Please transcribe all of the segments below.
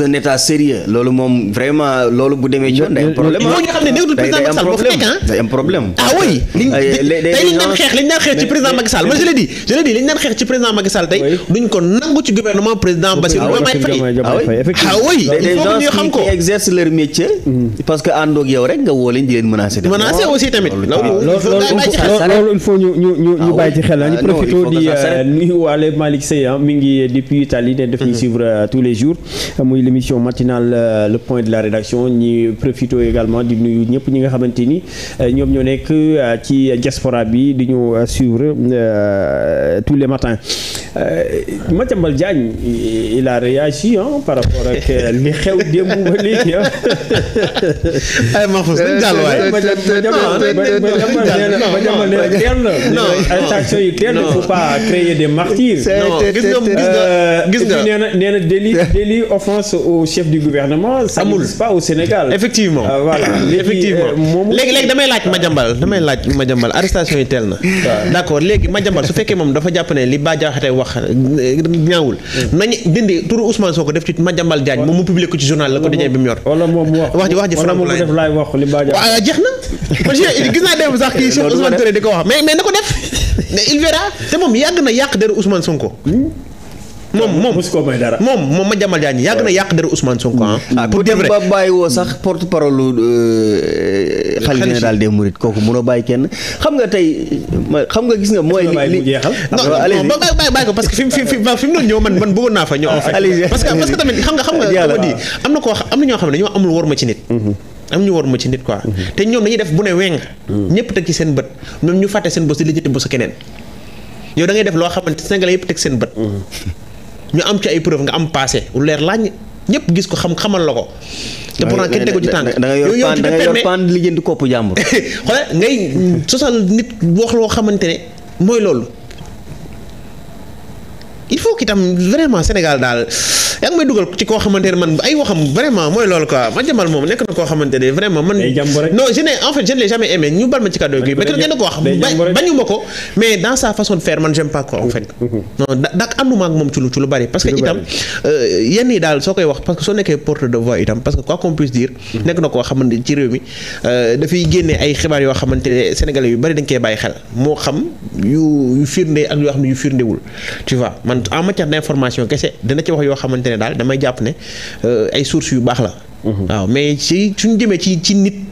un état sérieux loolu moom vraiment loolu bu demee ci yoon day am problème mooy ah. nga xam ne nekkul président Macky Sall boo fi nekk ah day am problème ah oui liñ tey liñ daan xeex liñ daan xeex ci président Macky duñ ko nangu ci gouvernement président ah Bassirou Diomaye Faye ah oui ah il faut que ñu xam ko exerce leur métier mm. parce que nga woo il faut ñu ñu ci xel ñu profité di euh, nuyu waale ngi euh, depuis Italie ne daf mm-hmm. ñuy suivre euh, tous les jours muy l'émission matinale euh, le point de la rédaction ñi profito également di nuyu ñëpp ñi nga xamante ni euh, ñoom ñoo nekk euh, ci diaspora bi di ñu suivre tous les matins Euh, Madiambal Diagne il a réagi hein, par rapport ak li xew démb ba léegi ah. ay Mahfouz nañ teel na faut pas créer nga gis nga euh, nee na nee na délit délit offense au yi teel na. d'accord léegi Madiambal su fekkee moom dafa jàpp ne li Badja waxee wax ñaawul nañu dindi turu Ousmane Sonko def ci Madiambal Diagne moom mu publié ko ci journal la ko dajee bi mu yor wax ji wax ji franc waaw jeex na kon gis naa dem sax kii Cheikh Ousmane Touré di ko wax mais mais na ko def il verra te moom yàgg na yàq deru Ousmane Sonko hmm? moom moom mosu ko may moom moom ma jamal jaañ yàgg na yàq dara Ousmane Sonko ah. Mm. ah pour de vrai ba bàyyi woo sax porte parole euh, xalifa général des Mourides kooku mënoo bàyyi kenn xam nga tey xam nga gis nga mooy. li li non ah, non bàyyi ko parce que fi mu fi mu man man bëggoon naa fa ñëw. parce que parce que tamit am na ñoo xam ne ñoo amul war ma ci nit. Mm-hmm. am ñu war ci nit quoi. Mm-hmm. te ñoom dañuy def bu ne weng. Mm. ñëpp teg ci seen bët ñoom ñu fàtte seen bos di lijjanti bosu keneen yow da ngay def loo xamante Sénégalais yëpp teg seen bët mm-hmm. ñu am ci ay preuve nga am passé lu leer lañ ñëpp gis ko xam xamal la ko. te pourtant kenn ko ci tànk yow yow ci da ngay yor paan lijjanti koppu jàmbur. xoolal ngay sosal nit wax loo xamante ne mooy loolu il faut que itam vraiment Sénégal daal. yaa ngi may dugal ci koo xamante man ay waxam vraiment mooy loolu quoi Madiambal moom nekk na koo xamante ne vraiment man non je n'ai en fait jamais aimé ñu bal ci kàddu gi mais mm-hmm. kenn euh, ko mm-hmm. na koo xamante ci réew mi euh, dafay d'information kese dina ci wax yoo xamante ne daal damay jàpp ne euh, ay sources yu baax la. Mm-hmm. waaw mais ci suñu jëmee ci ci nit.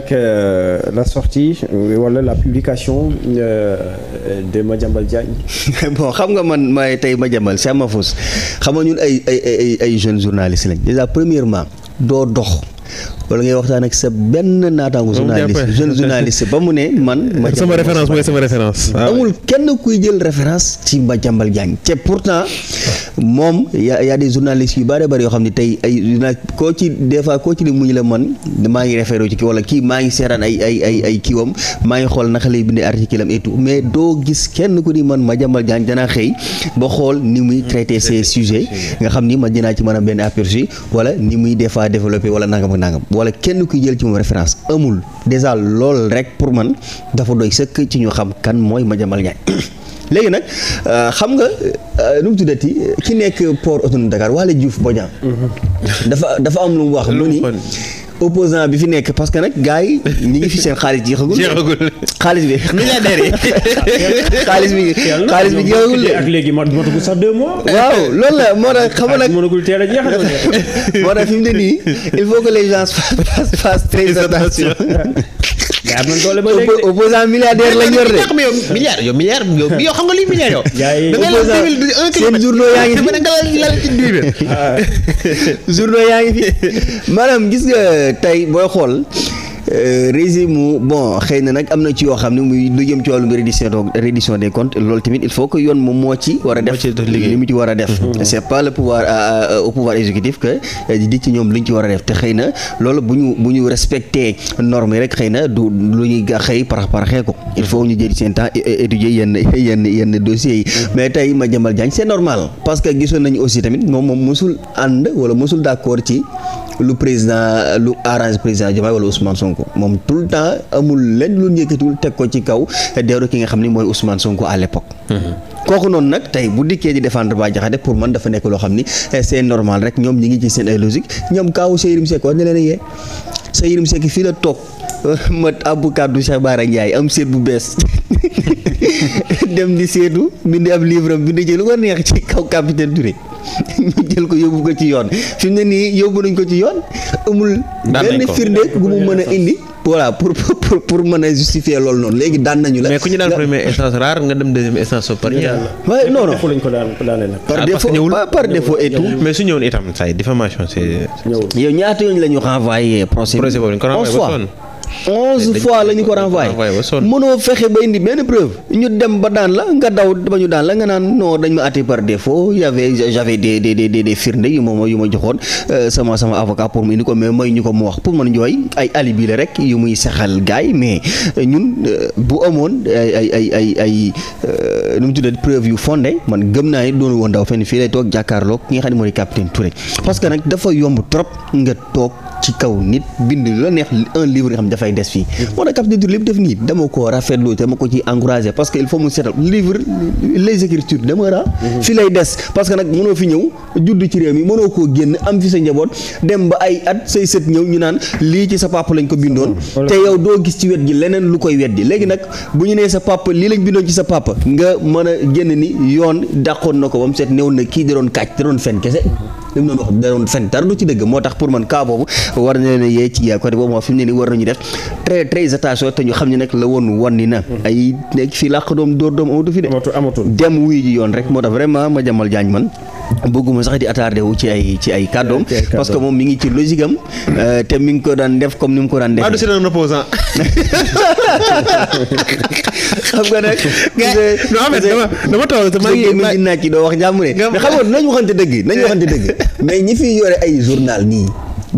avec euh, la sortie euh, wala la publication euh, de Madiambal Diagne. bon xam nga man maay tey Madiambal c'est ma fausse xam nga ñun ay ay ay ay jeunes journalistes lañ déjà premièrement doo dox. wala ngay waxtaan ak sa benn naataangu journaliste jeune journaliste ba mu ne man sama référence mooy sama référence amul ah kenn kuy jël référence ci Madiambal Diagne te pourtant moom ya y a des journalistes yu bari bari yoo xam ne tey ay koo ci des fois koo ci li muñu la man maa ngi référé ci kii wala kii maa ngi seetaan ay ay ay ay kiiwam maa ngi xool naka lay bindee article am et mais doo gis kenn ku ni man jambal Diagne danaa xëy ba xool ni muy hmm. traité ces sujets nga xam ni man dinaa ci mën a benn aperçu wala ni muy des fois développé wala nangam ak nangam wala kenn kuy jël ci moom référence amul déjà loolu rek pour man dafa doy sëkk ci ñu xam kan mooy Madiambal Diagne léegi nag euh, xam nga euh, nu mu tuddati ki nekk port autonome Dakar Waly Diouf Bodian mhm. dafa dafa am lu mu wax mu ni opposant bi fi nekk parce que nag gars yi ñu ngi fi seen xaalis jeexagul. jeexagul xaalis bi. milliardaire yi xaalis bi xaalis bi jeexagul de. ak léegi matagul sax deux mois. waaw loolu la moo tax xam nga nag mënagul teel a jeex. moo tax fi mu ne nii il faut que les gens fassent très attention. mais am na doole ba léegi opposant milliardaire la ñor de yow milliard yow milliard yow xam milliard yow. seen journaux yaa ngi maanaam gis nga tey booy xool. Euh, régime mu bon xëy na nag am na ci yoo xam ne muy du jëm ci wàllum reddition reddition des comptes loolu tamit il faut que yoon moom moo ci war a def li mu ci war a def mm-hmm. c'est pas le pouvoir euh, euh, au pouvoir exécutif que di ci ñoom te xëy na loolu bu ñu bu ñu respecté normes yi rek xëy na du lu ñuy xëy parax paraxee ko il faut ñu jël seen temps étudier yenn yenn yenn dossiers yi mm-hmm. mais tey ma jëmbal jaañ c'est normal parce que gisoon nañu aussi tamit moom moom mosul ànd wala mosul d'accord ci lu président lu arrange président Diomaye wala Ousmane Sonko ko moom tout le temps amul lenn lu yëkkatiwul teg ko ci kaw deeru ki nga xam ni mooy Ousmane Sonko à l'époque mm-hmm. kooku noonu nag tey bu dikkee di défendre Bah Diakhaté pour man dafa nekk loo xam ni eh, c'est normal rek ñoom ñi ngi ci seen ay logique ñoom kaawu Seyrim Seck war na leen a yee Seyrim Seck fii la toog ma àbbu kàddu Cheikh Bara Ndiaye am seet bu bees dem di seetu bind ab livre am bind jël ko neex ci kaw capitaine Touré ñu jël ko yóbbu ko ci yoon fi mu ne nii yóbbu nañ ko ci yoon amul benn firnde gu mu mën a indi voilà pour pour pour mën a justifier loolu noonu léegi daan nañu la. mais ku ñu daan première instance rare nga dem deuxième instance par non non ko par ah, défaut et tout. mais su ñëwoon itam say diffamation c'est. yow ñaata yoon la ñu renvoyé procès. procès onze fois la ñu ko renvoyé mënoo fexe ba indi benn preuve ñu dem ba daan la nga daw ba ñu daan la nga naan non dañ ma àtte par défaut y avait j'avais des des des des firnde yu ma yu ma joxoon euh, sama sama avocat pour mu indi ko mais may ñu ko mu wax pour man njooy ay alibi la rek yu muy saxal gaay mais euh, ñun euh, bu amoon ay ay ay ay ay nu mu tuddee preuve yu fondé man gëm naa ne doonu woon daw fenn fii lay toog jàkkaarloog ki nga xam ne mooy capitaine Touré parce que nag dafa yomb trop nga toog. ci kaw nit bind la neex un livre nga xam dafay des fii mhm. moo tax capitaine Touré lépp def nii dama ko rafetlu te ma ko ci encouragé parce que il faut mu seetal livre les écritures demeura mhm. fi lay des parce que nag mënoo fi ñëw judd ci réew mi mënoo koo génn am fi sa njaboot dem ba ay at say sët ñëw ñu naan lii ci sa papa lañ ko bindoon mhm. te yow doo gis ci wet gi leneen lu koy weddi léegi nag bu ñu nee sa papa lii lañ bindoon ci sa papa nga mën a génn ni yoon dàqoon na ko ba seet néew na kii da doon kàcc da kese li mu doon wax daroon fen dara du ci dëgg moo tax pour man cas boobu war na leen a yee ci côté boobu moo fi mu ne nii war nañu def très très attention te ñu xam ne nag la woon wanni na ay nekk fii làq doom dóor doom amatu fi de dem wuyu ji yoon rek moo tax vraiment ma jamal jaañ man bëgguma sax di attardé wu ci ay ci ay kàddoom parce que moom mi ngi ci logique am euh, te mi ngi ko daan def comme ni mu ko daan def xam nga nag. non Ahmed dama dama toog te maa ngi ma naaj ci doo wax jàmm ne. mais xam nga nañ waxante dëgg nañ waxante dëgg. mais ñi fi yore ay journal nii.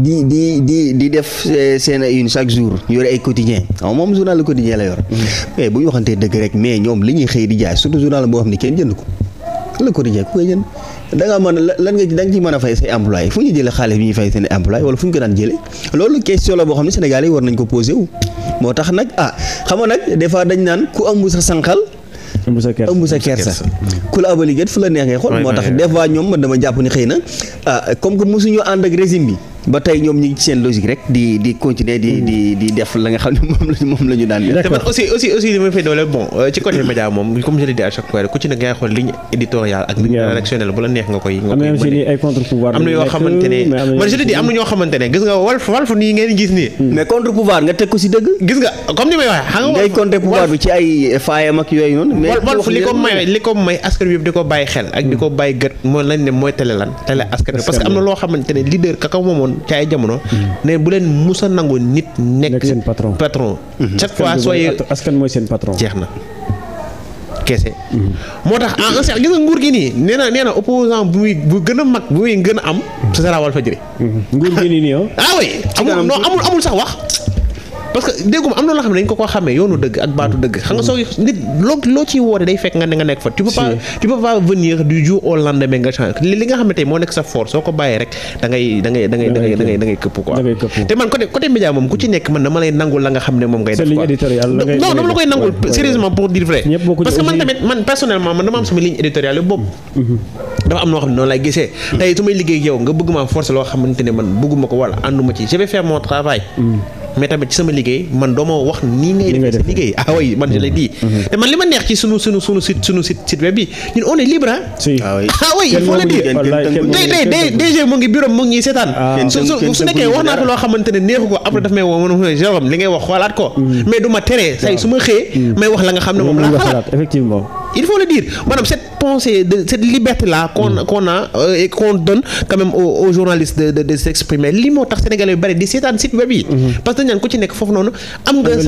di di di di def seen une chaque jour yore ay quotidien xam moom journal le quotidien la yor mm-hmm. mais bu ñu waxantee dëgg rek mais ñoom li ñuy xëy di jaay surtout journal boo xam ne kenn jënd ko le quotidien ku koy jënd da man mën lan nga da nga ci mën a fay say employé fu ñu jëlee xaalis bi ñuy fay seen employé wala fu ñu ko daan jëlee loolu question la boo xam ne Sénégalais war nañ ko posé moo tax nag ah xam nga nag des fois dañ naan ku ëmb sa sànqal ëmb sa kersa ëmb sa kersa ku la abali gët fu la neexee xool moo tax des fois ñoom man dama jàpp ni xëy na ah comme que mosuñu ànd ak régime bi ba tey ñoom ñu ngi ci seen logique rek di di continuer di di hmm. def la nga xam ne moom la daan def. d'accord aussi aussi aussi li may fay doole bon euh, ci côté média moom comme je l'ai am na ñoo xamante gis nga Walf Walf nii ngeen gis nii. Hmm. mais contre pouvoir nga teg ko si dëgg. gis nga comme ni may waxee. xam nga ngay contre li ko may li bi di ko bàyyi xel ak di hmm. ko bàyyi gët mooy lañ ne mooy télé lan télé askan parce que am na loo xamante ne leader kaka moomoon woon ci ay jamono. Mm-hmm. ne bu leen musa nangu nit. nekk patron patron. Mm-hmm. chaque sooy mooy seen patron jeex na. kese mm-hmm. moo tax en un gis nga nguur gi nii nee na nee na opposant bu muy bu gën a mag bu muy gën a am. ce sera Walfadjri. nguur gi nii nii ah, ah oui amul amul amul sax wax. parce que dégguma am na loo xam ne dañ nga xam ne moom ngay def quoi non dama la koy nangul sérieusement pour dire vrai parce que man tamit man personnellement man dama am sama ligne éditoriale yu bopp mhm. dafa am noo xam ne noonu lay gisee. tey su may liggéey yow nga bëgg maa forcer loo xamante ne man bëgguma ko wala ànduma ci je vais faire mm. mais tamit ci sama liggéey man doo ma wax nii ngay def ah mm-hmm. li ma neex ci sunu sunu sunu site sunu site site web bi ñun on est libre ah, ah oui il faut le dire tey tey ah. ne neexu ko après may a Jérôme li ngay wax xoolaat ko mm. ma tere ma xëyee mm. la nga xam ne moom laa xalaat effectivement il faut le dire maanaam cette pensée de cette liberté là qu'on mm. qu'on a euh, et quand même aux journalistes de de moo tax sénégalais yu bari di seetaan site web yi mm-hmm. parce que dañ naan ku ci nekk foofu noonu am nga